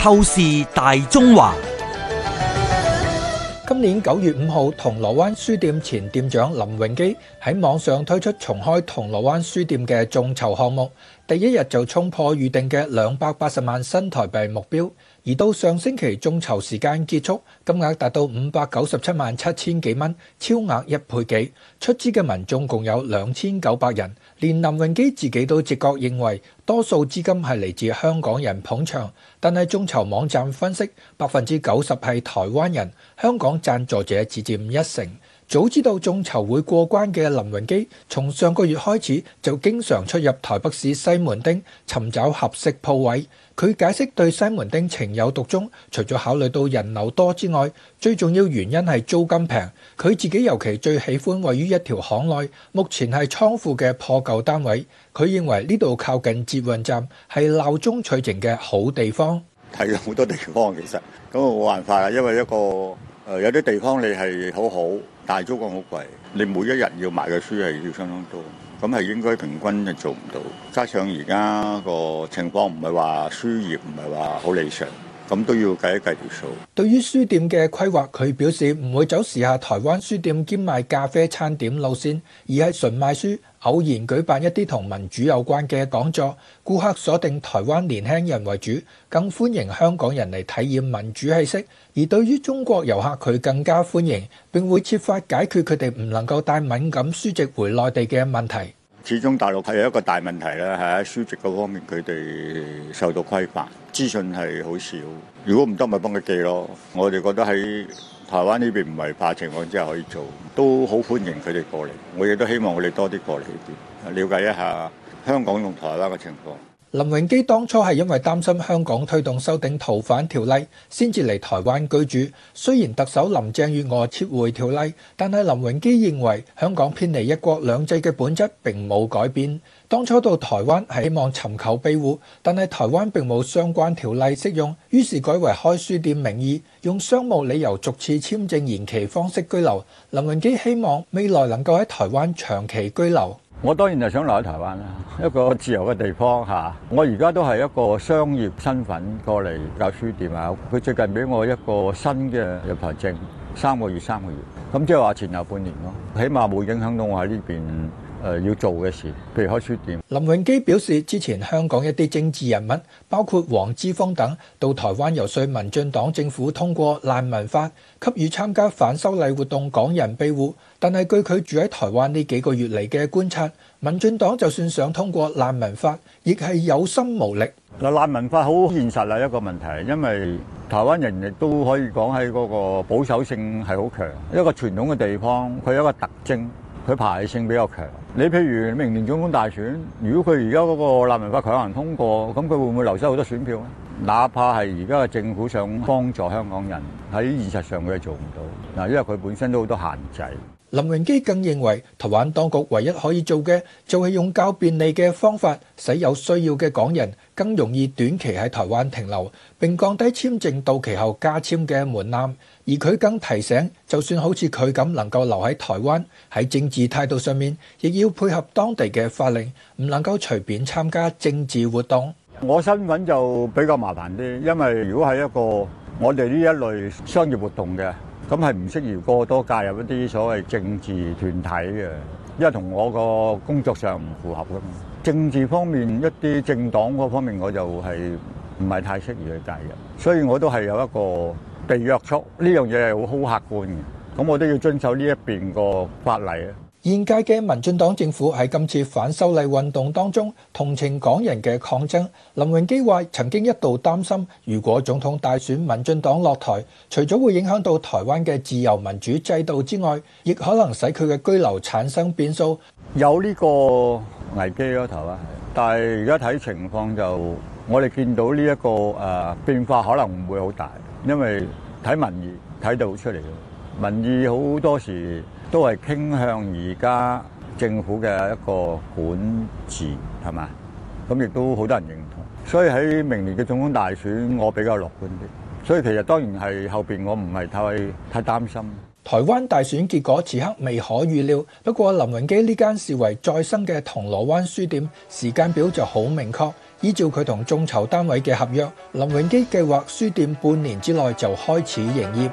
透視大中華。今年九月五號，銅鑼灣書店前店長林榮基喺網上推出重開銅鑼灣書店嘅眾籌項目，第一日就衝破預定嘅兩百八十萬新台幣目標。而到上星期眾籌時間結束，金額達到五百九十七萬七千幾蚊，超額一倍幾。出資嘅民衆共有兩千九百人，連林榮基自己都直覺認為多數資金係嚟自香港人捧場，但係眾籌網站分析，百分之九十係台灣人，香港贊助者只佔一成。早知道眾籌會過關嘅林榮基，從上個月開始就經常出入台北市西門町尋找合適鋪位。佢解釋對西門町情有獨鍾，除咗考慮到人流多之外，最重要原因係租金平。佢自己尤其最喜歡位於一條巷內，目前係倉庫嘅破舊單位。佢認為呢度靠近捷運站，係鬧中取靜嘅好地方。睇咗好多地方，其實咁我冇辦法啊，因為一個誒、呃、有啲地方你係好好。大租金好貴，你每一日要賣嘅書係要相當多，咁係應該平均係做唔到，加上而家個情況唔係話書業唔係話好理想。咁都要計一計條數。對於書店嘅規劃，佢表示唔會走時下台灣書店兼賣咖啡餐點路線，而係純賣書。偶然舉辦一啲同民主有關嘅講座，顧客鎖定台灣年輕人為主，更歡迎香港人嚟體驗民主氣息。而對於中國遊客，佢更加歡迎，並會設法解決佢哋唔能夠帶敏感書籍回內地嘅問題。始終大陸係一個大問題啦，喺書籍嗰方面佢哋受到規範，資訊係好少。如果唔得咪幫佢寄咯。我哋覺得喺台灣呢邊唔係怕情況之下可以做，都好歡迎佢哋過嚟。我亦都希望我哋多啲過嚟呢邊，了解一下香港同台灣嘅情況。林榮基當初係因為擔心香港推動修訂逃犯條例先至嚟台灣居住。雖然特首林鄭月娥撤回條例，但係林榮基認為香港偏離一國兩制嘅本質並冇改變。當初到台灣係希望尋求庇護，但係台灣並冇相關條例適用，於是改為開書店名義，用商務理由逐次簽證延期方式居留。林榮基希望未來能夠喺台灣長期居留我當然就想留喺台灣啦、啊，一個自由嘅地方嚇、啊。我而家都係一個商業身份過嚟搞書店啊。佢最近俾我一個新嘅入台證，三個月三個月，咁即係話前後半年咯。起碼冇影響到我喺呢邊。誒要做嘅事，譬如開書店。林榮基表示，之前香港一啲政治人物，包括黃之鋒等，到台灣游說民進黨政府通過難民法，給予參加反修例活動港人庇護。但係據佢住喺台灣呢幾個月嚟嘅觀察，民進黨就算想通過難民法，亦係有心無力。嗱，難民法好現實啦，一個問題，因為台灣人亦都可以講喺嗰個保守性係好強，一個傳統嘅地方，佢有一個特徵。佢排他性比較強，你譬如明年總統大選，如果佢而家個難民法強行通過，咁佢會唔會流失好多選票咧？哪怕係而家嘅政府想幫助香港人。喺現實上佢做唔到嗱，因為佢本身都好多限制。林榮基更認為台灣當局唯一可以做嘅就係用較便利嘅方法，使有需要嘅港人更容易短期喺台灣停留，並降低簽證到期後加簽嘅門檻。而佢更提醒，就算好似佢咁能夠留喺台灣，喺政治態度上面，亦要配合當地嘅法令，唔能夠隨便參加政治活動。我身份就比較麻煩啲，因為如果係一個我哋呢一類商業活動嘅，咁係唔適宜過多介入一啲所謂政治團體嘅，因為同我個工作上唔符合噶嘛。政治方面一啲政黨嗰方面，我就係唔係太適宜去介入，所以我都係有一個地約束。呢樣嘢係好客觀嘅，咁我都要遵守呢一邊個法例啊。現屆嘅民進黨政府喺今次反修例運動當中同情港人嘅抗爭。林榮基話：曾經一度擔心，如果總統大選民進黨落台，除咗會影響到台灣嘅自由民主制度之外，亦可能使佢嘅居留產生變數。有呢個危機咯，頭啊！但係而家睇情況就，我哋見到呢、這、一個誒、啊、變化可能唔會好大，因為睇民意睇到出嚟民意好多時。都係傾向而家政府嘅一個管治，係嘛？咁亦都好多人認同，所以喺明年嘅總統大選，我比較樂觀啲。所以其實當然係後邊，我唔係太太擔心。台灣大選結果此刻未可預料，不過林榮基呢間視為再生嘅銅鑼灣書店時間表就好明確，依照佢同眾籌單位嘅合約，林榮基計劃書店半年之內就開始營業。